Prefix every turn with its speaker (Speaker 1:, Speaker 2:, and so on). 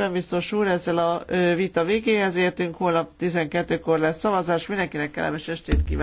Speaker 1: szépen, biztos úr, ezzel a vita végéhez értünk, holnap 12-kor lesz szavazás, mindenkinek kellemes estét kívánok.